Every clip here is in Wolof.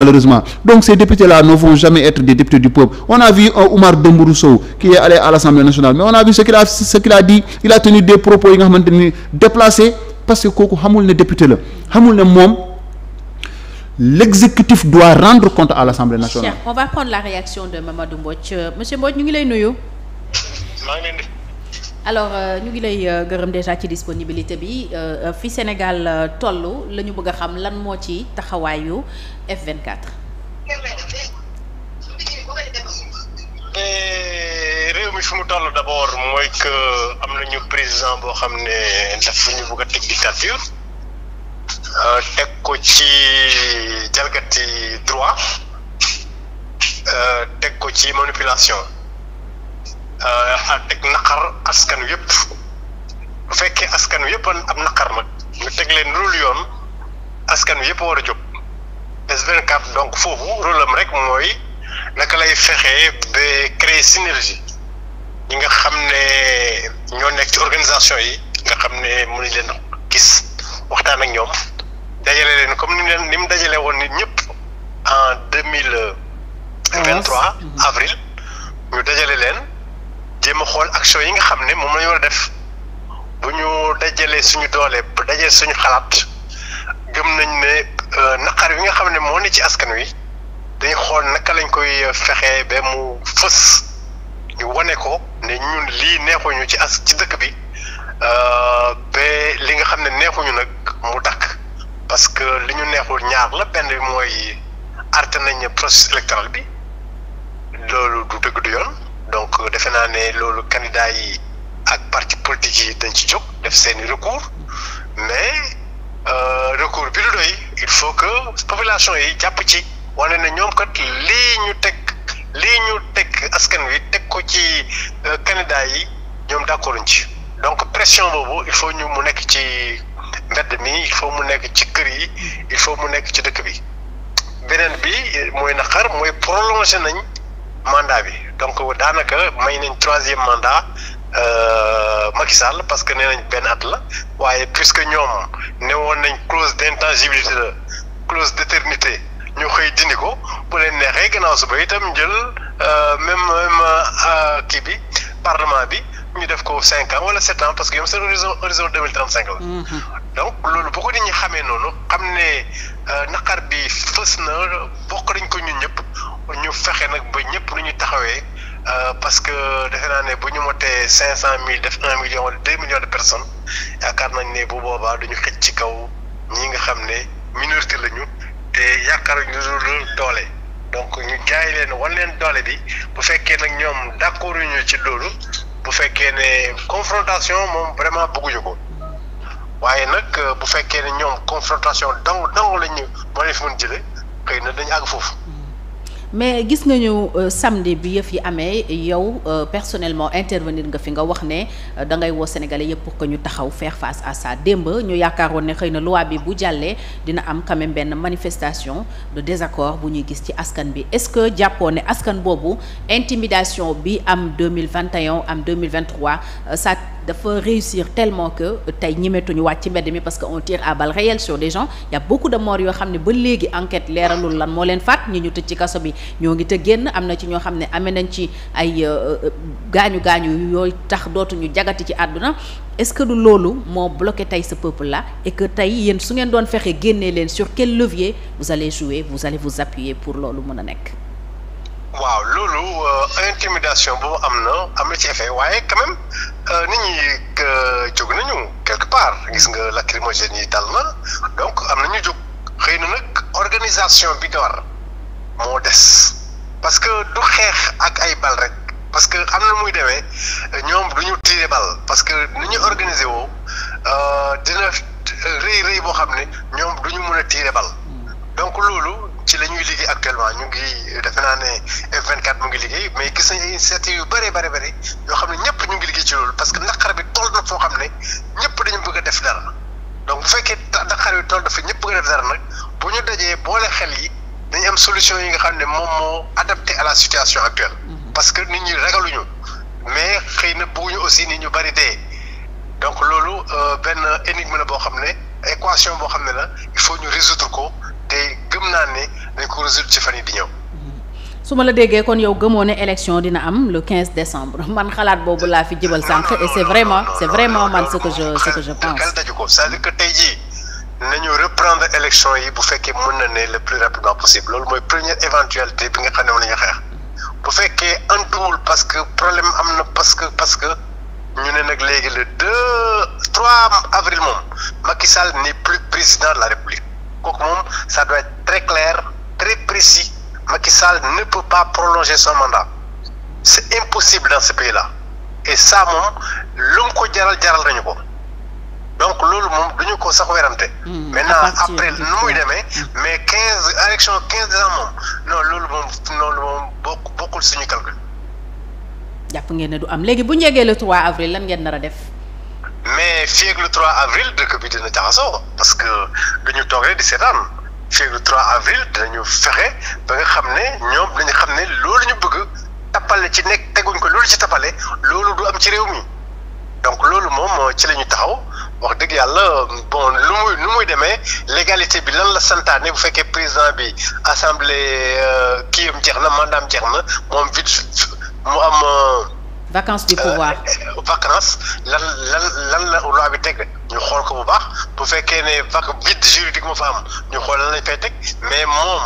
malheureusement donc ces députés là ne vont jamais être des députés du peuple on a vu un Oumar Dembourou Sow qui est allé à l'Assemblée nationale mais on a vu ce qu'il a ce qu'il a dit il a tenu des propos yi nga xamante ni déplacés parce que kooku xamul ne député la xamul ne moom l'exécutif doit rendre compte à l'Assemblée nationale. Cher, on va prendre la euh, monsieur Mbodj ñu ngi lay nuyu. alors euh, ñu ngi lay euh, gërëm déjà ci disponibilité bi euh, fi Sénégal tollu lañu bëgg a xam lan moo ci taxawaayu F24. Eh, réew mi fu mu toll d'abord mooy que am nañu président boo xam ne daf ñu bëgg a teg dictature teg ko ci jalgati droit teg ko ci manipulation. Euh, teg naqar askan wi yëpp bu fekkee askan wi yëpp am naqar nag ñu teg leen loolu yoon askan wi yëpp war a jóg S24 donc foofu rôle am rek mooy naka lay fexee ba créer synergie ñi nga xam ne ñoo nekk ci organisation yi nga xam ne mënuñ leen gis waxtaan ak ñoom dajale leen comme ni mu leen ni mu dajale woon nit ñëpp en deux mille vingt-trois avril ñu dajale leen. jéem a xool action yi nga xam ne moom la def bu ñu dajalee suñu doole bu dajalee suñu xalaat gëm nañ ne euh, naqar wi nga xam ne moo ne ci askan wi dañ xool naka lañ koy euh, fexee ba mu fës ñu wane ko ne ñun lii neexuñu ci as ci dëkk bi euh, ba li nga xam ne neexuñu nag mu dakk parce que li ñu neexul ñaar la benn mooy arte nañ processus électoral bi loolu du dëgg du yoon. donc euh, defe naa ne loolu candidat yi ak parti politique yi dañ ci jóg def seeni recours mais euh, recours bi lu doy il faut que population yi jàpp ci wane ne ñoom kat lii ñu teg lii ñu teg askan wi teg ko ci euh, candidat yi ñoom d'accord ñu ci donc pression boobu il faut ñu mu nekk ci mbedd mi il faut mu nekk ci kër yi il faut mu nekk ci dëkk bi beneen bi mooy naqar mooy prolonger nañ mandat bi donc daanaka may nañ troisième mandat euh, Macky Sall parce que nee nañ benn at la waaye puisque ñoom ne woon nañ clause d'intangibilité la clause d'éternité ñu xëy dindi ko bu leen neexee gannaaw suba itam jël euh, même même euh, kii bi parlement bi ñu def ko cinq ans wala sept ans parce que yow seen horizon horizon la. Mm-hmm. donc loolu boo ko nit ñi xamee noonu xam ne euh, naqar bi fës na bokk nañ ko ñun ñëpp ñu fexe nag ba ñëpp nu ñu taxawee euh, parce que defe naa ne bu ñu motee cinq cent mille def un million wala deux millions de personnes yaakaar nañ ne bu boobaa duñu xëj ci kaw ñi nga xam ne minorité lañu te yaakaar ñu lu doole donc ñu jaay leen wan leen doole bi bu fekkee nag ñoom d'accord ñu ci loolu bu fekkee ne confrontation moom vraiment bëgguñu ko. waaye nag euh, bu fekkee ne ñoom confrontation dong dong lañ ñu moo leen fi mën jëlee xëy na dañu àgg foofu. mais gis nga ñu euh, samedi bi yëf yi amee yow euh, personnellement intervenir nga fi nga wax ne euh, da ngay woo sénégalais yëpp pour que ñu taxaw faire face à ça démb ñu yaakaaroon ne xëy na loi bi bu jàllee dina am quand même benn manifestation de désaccord bu ñuy gis ci askan bi est-ce que jàppoo ne askan boobu intimidation bi am 2021 am 2023 ça dafa réussir tellement que tey ñimetuñu wàcc ci mbedd mi parce que on tire à balles réelles sur des gens il y a beaucoup de yoo xam ne ba léegi enquête leeralul lan moo leen faat ñi ñu ci kaso ñoo ngi te génn am na ci ñoo xam ne amee nañ ci ay euh, euh, gaañu gaañu yooyu tax dootuñu jagati ci àdduna est-ce que du loolu moo bloqué tey sa peuple la et que tey yéen su ngeen doon fexe génnee leen sur quel levier vous allez jouer vous allez vous appuyer pour loolu mën a nekk. waaw loolu euh, intimidation boobu am na am na ci effet waaye quand même nit ñi jóg nañu quelque part gis nga lacrymogène yi dal na donc am na ñu jóg xëy na nag organisation bi nga war moo des parce que du xeex ak ay bal rek parce que am na muy demee ñoom du ñu tiire bal parce que ni ñu organiser woo euh, dina rëy rëy boo xam ne ñoom du ñu mën a tiire bal donc loolu ci la ñuy liggéey actuellement ñu ngi defe naa ne F24 mu ngi liggéey mais gis nañu initiative yu bare bëri bëri yoo xam ne ñëpp ñu ngi liggéey ci loolu parce que naqar bi toll na foo xam ne ñëpp dañu bëgg def dara donc bu fekkee naqar bi toll dafa ñëpp bëgg a def dara nag bu ñu dajee boole xel yi. dañu am solution yi nga xam ne moom moo adapté à la situation actuelle. parce que nit ñi ragaluñu mais xëy na bëgguñu aussi nit ñu bari dee donc loolu benn énigme la boo xam ne équation boo xam ne la il faut ñu résoudre ko te gëm naa ne dañ ko résoudre ci fan yi di ñëw. su ma la déggee kon yow gëmoo ne élection dina am le 15 décembre man xalaat boobu laa fi jëbal sànq et c'est vraiment c'est vraiment man ce que je ce pense. daju ko cest à tey jii. ñu reprendre élection yi bu fekkee mën na ne le plus rapidement possible loolu mooy première éventualité bi nga xam ne moom la ñu xeex bu fekkee antuwul parce que problème am na parce que parce que ñu ne nag léegi le 2 3 avril moom Macky Sall n'est plus président de la République kooku moom ça doit être très clair très précis Macky Sall ne peut pas prolonger son mandat c'est impossible dans ce pays-là et ça moom lu mu jaral jaral nañu ko. donc loolu moom duñu ko sax werante hmm. maintenant après nu muy demee hmm. mais quinze élection quinze décembre moom non loolu moom loolu bokk bokkul suñu calcul jàpp ngeen ne du am léegi bu ñu yeggee le 3 avril lan ngeen nar a def mais fii ak le 3 avril dëkk bi dina jaxasoo parce que dañu ñu rek di seetaan fii ak le 3 avril fexe ba nga xam ne ñoom dañu xam ne loolu ñu bëgg tappale ci nekk teguñ ko loolu ci tappale loolu du am ci réew mi donc loolu moom ci la ñu taxaw wax dëgg yàlla bon lu muy lu muy demee légalité bi lan la santaane bu fekkee président bi assemblée euh, kii am jeex na mandaam jeex na moom vite mu am. Euh, vacance du pouvoir. Euh, vacance lan lan lan la loi bi teg ñu xool ko bu baax bu fekkee ne vac vide juridique moo fa am ñu xool lan lañ fay teg mais moom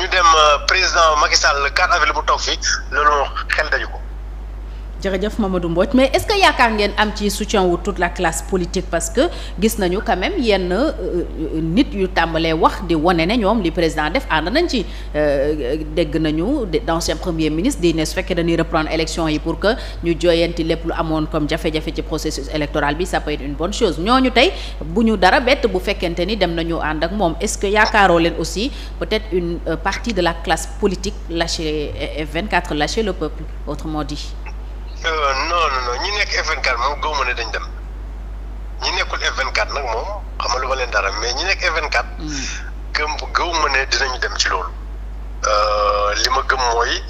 ñu dem président Macky Sall le 4 avril bu toog fii loolu xel daju ko. jërëjëf Mamadou Mbodj mais est-ce que yaakaar ngeen am ci soutien wu toute la classe politique parce que gis nañu quand même yenn euh, euh, nit yu tàmbalee wax di wane ne ñoom li président def ànd nañ ci euh, dégg nañu d'ancien premier ministre di ne su fekkee dañuy reprendre élection yi pour que ñu jooyanti lép lu amoon comme jafe-jafe ci processus électoral bi ça peut être une bonne chose ñooñu tey bu ñu dara bett bu fekkente ni dem nañu ànd ak moom est-ce que yaakaaroo leen aussi peut-être une partie de la classe politique lâcher F24 lâcher le peuple autrement dit Euh, non non non ñi nekk F24 moom gëw ma ne dañ dem ñi nekkul F24 nag moom xamaluma leen dara mais ñi nekk F24. Hmm. gëm gëw ma ne dinañ dem ci loolu. Euh, li ma gëm mooy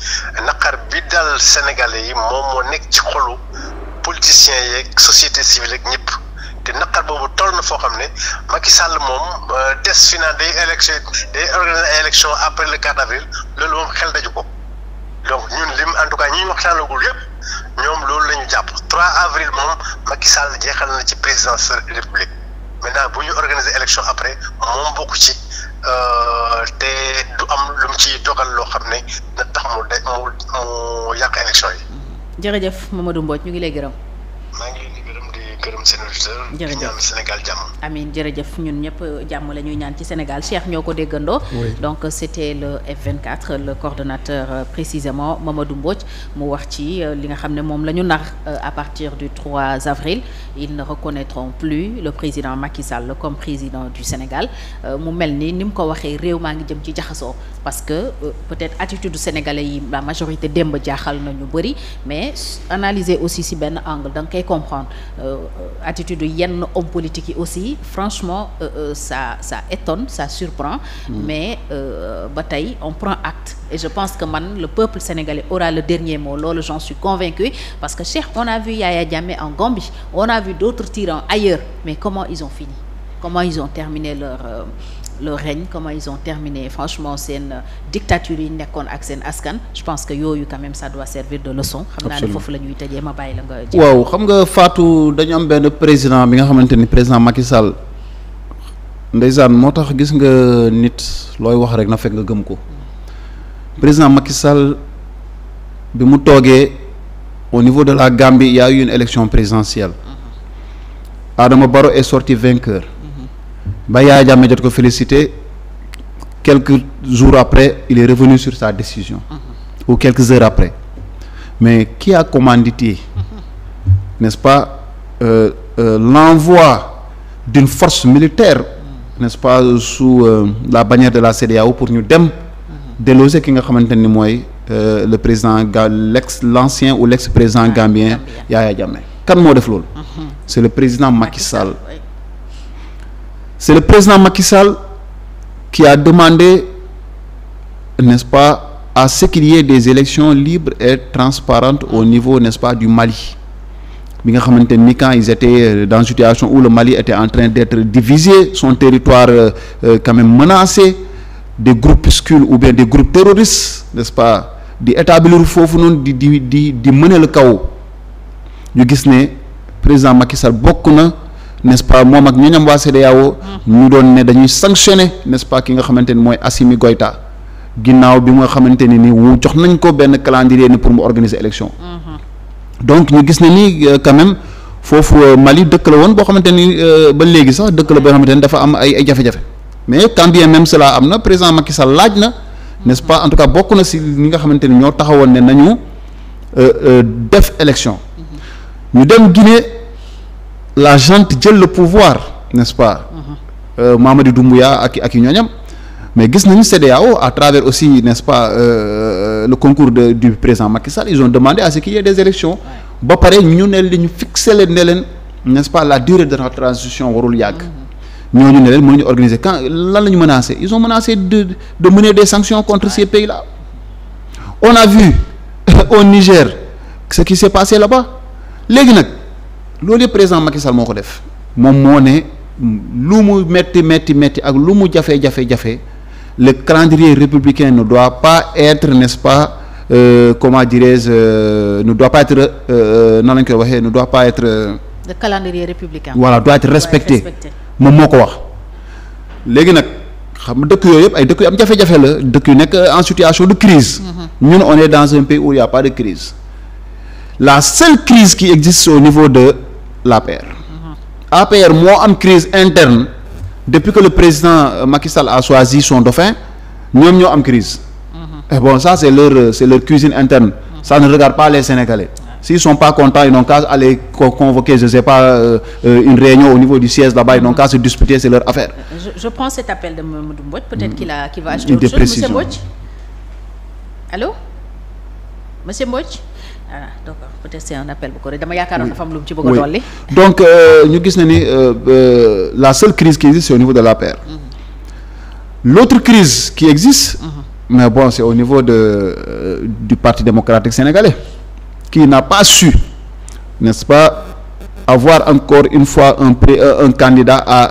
naqar bi dal Sénégalais yi moom moo nekk ci xolu politiciens yeeg société civile ak ñëpp te naqar boobu toll na foo xam ne Macky Sall moom des euh, fi naan day élection day organiser ay élection après le 4 avril loolu moom xel daju ko donc ñun lim en tout cas ñi ñu waxtaanagul yëpp. ñoom loolu la ñu jàpp 3 avril moom Macky Sall jeexal na ci présidence république maintenant bu ñu organiser élection après moom bokk ci euh, te du am lu ci dogal loo xam ne na tax mu de mu mu yàq élection yi. jërëjëf Mamadou Mbodj ñu ngi lay gërëm. maa ngi leen di gërëm di producteur Sénégal jàmm amiin jërëjëf ñun ñëpp euh, jàmm la ñuy ñaan ci Sénégal Cheikh ñoo ko déggandoo donc c'était le F24 le coordonnateur euh, précisément Mamadou Mbodj mu wax ci euh, li nga xam ne moom la ñu nar à partir du 3 avril ils ne reconnaîtront plus le président Macky Sall comme président du Sénégal mu mel ni ni mu ko waxee réew maa ngi jëm ci jaxasoo parce que peut-être attitude sénégalais yi la majorité démb jaaxal na ñu bëri mais analyser aussi si benn angle danga koy comprendre attitude yenn homme politique yi aussi franchement euh, euh, ça ça étonne ça surprend mmh. mais euh, ba tey on prend acte et je pense que man le peuple sénégalais aura le dernier mot loolu j'en suis convaincu parce que Cheikh on a vu Yaya Jammeh en Gambie on a vu d'autres tyrans ailleurs mais comment ils ont fini comment ils ont terminé leur euh, le règne comment ils ont terminé franchement seen euh, dictature yi nekkoon ak seen askan je pense que yooyu quand même ça doit servir de leçon xam naa ne foofu la nga waaw xam nga Fatou dañu am benn président bi nga xamante ni président Macky Sall ndeysaan moo tax gis nga nit looy wax rek na fekk nga gëm ko président Macky bi mu toogee au niveau de la Gambie il y a une élection présidentielle mm-hmm. Adama Barrow est sorti vainqueur ba Yaya Jammeh jot ko félicité quelques jours après il est revenu sur sa décision mm-hmm. ou quelques heures après mais qui a commandité mm-hmm. n'est-ce pas euh, euh, l'envoi d'une force militaire mm-hmm. n'est-ce pas sous euh, la bannière de la CEDEAO pour ñu dem déloger ki nga xamante ni mooy euh, le président ga l'ex l'ancien ou l'ex-président gambien Yaya Jammeh kan moo def loolu c'est le président Macky Sall c'est le président Macky Sall qui a demandé n'est-ce pas à ce qu'il y des élections libres et transparentes au niveau n'est-ce pas du Mali bi nga xamante ni quand ils étaient euh, dans une situation où le Mali était en train d'être divisé son territoire euh, euh, quand même menacé des groupuscules ou bien des groupes terroristes n'est-ce pas di établir foofu noonu di di di di mener le kaw ñu gis ne président Macky bokk na n'est-ce pas moom ak ñooñam waa CEDEAO ñu doon ne dañuy sanctionner nest pas ki nga xamante mooy Assimi Goïta ginnaaw bi nga xamante ni ni wu jox nañ ko benn calendrier ni pour mu organiser élection mm-hmm. donc ñu gis ne ni euh, quand même foofu euh, Mali dëkk la woon boo xamante ni euh, ba léegi sax dëkk la boo xamante ni dafa am ay jafe-jafe mais quand bien même cela am na président Macky Sall laaj na nest pas en tout cas bokk na si ñi nga xamante ni ñoo taxawoon ne nañu def élection mm-hmm. la junte jël le pouvoir n'est-ce pas mhm. euh, Mamadi Doumbouya ak ak i ñooñam mais gis nañu CEDEAO à travers aussi n'est-ce pas euh, euh, le concours de du président Macky Sall ils ont demandé à ce qu'il y ait des élections ba pare ñu ne li ñu la leen ne leen n'est-ce pas la durée de la transition warul yàgg mhm. ñooñu ne leen mënuñu organiser quand lan la ñu menacé ils ont menacé de de mener des sanctions contre ces pays-là on a vu au Niger ce qui s'est passé là-bas léegi nag loolu yëpp président Macky Sall moo ko def moom moo ne lu mu metti metti metti ak lu mu jafe jafe jafe le calendrier républicain ne doit pas être n'est-ce euh, comment dirais-je euh, ne doit euh, euh, nan lañ koy waxee ne doit pas républicain. voilà doit être moom moo ko wax léegi nag. xam nga dëkk yooyu yëpp ay dëkk la dëkk yu nekk en situation de crise mm-hmm. ñun mm -hmm. dans un pays où il y crise la seule crise qui existe au niveau de l'APR uh-huh. APR moo am crise interne depuis que le président euh, Macky Sall a choisi son dauphin ñoom ñoo am crise uh-huh. et bon ça c'est leur euh, c'est leur cuisine interne uh-huh. ça ne regarde pas les Sénégalais s'ils sont pas contents ils n'ont qu'à aller convoquer je sais pas euh, euh, une réunion au niveau du siège là-bas ils je, prends cet appel de Mamadou Mbodj peut-être mm. qu'il a qu'il va ajouter autre chose monsieur Mbodj allô monsieur Mbodj ah d'accord peut-être c'est un appel dama yaakaaroon dafa am ci bëgg a donc euh, ñu gis na ni euh, euh, la seule crise qui existe c'est au niveau de l'APR. Mm-hmm. l'autre crise qui existe. Mm-hmm. mais bon c'est au niveau de du Parti démocratique sénégalais. qui n'a pas su n'est-ce pas avoir encore une fois un pré un candidat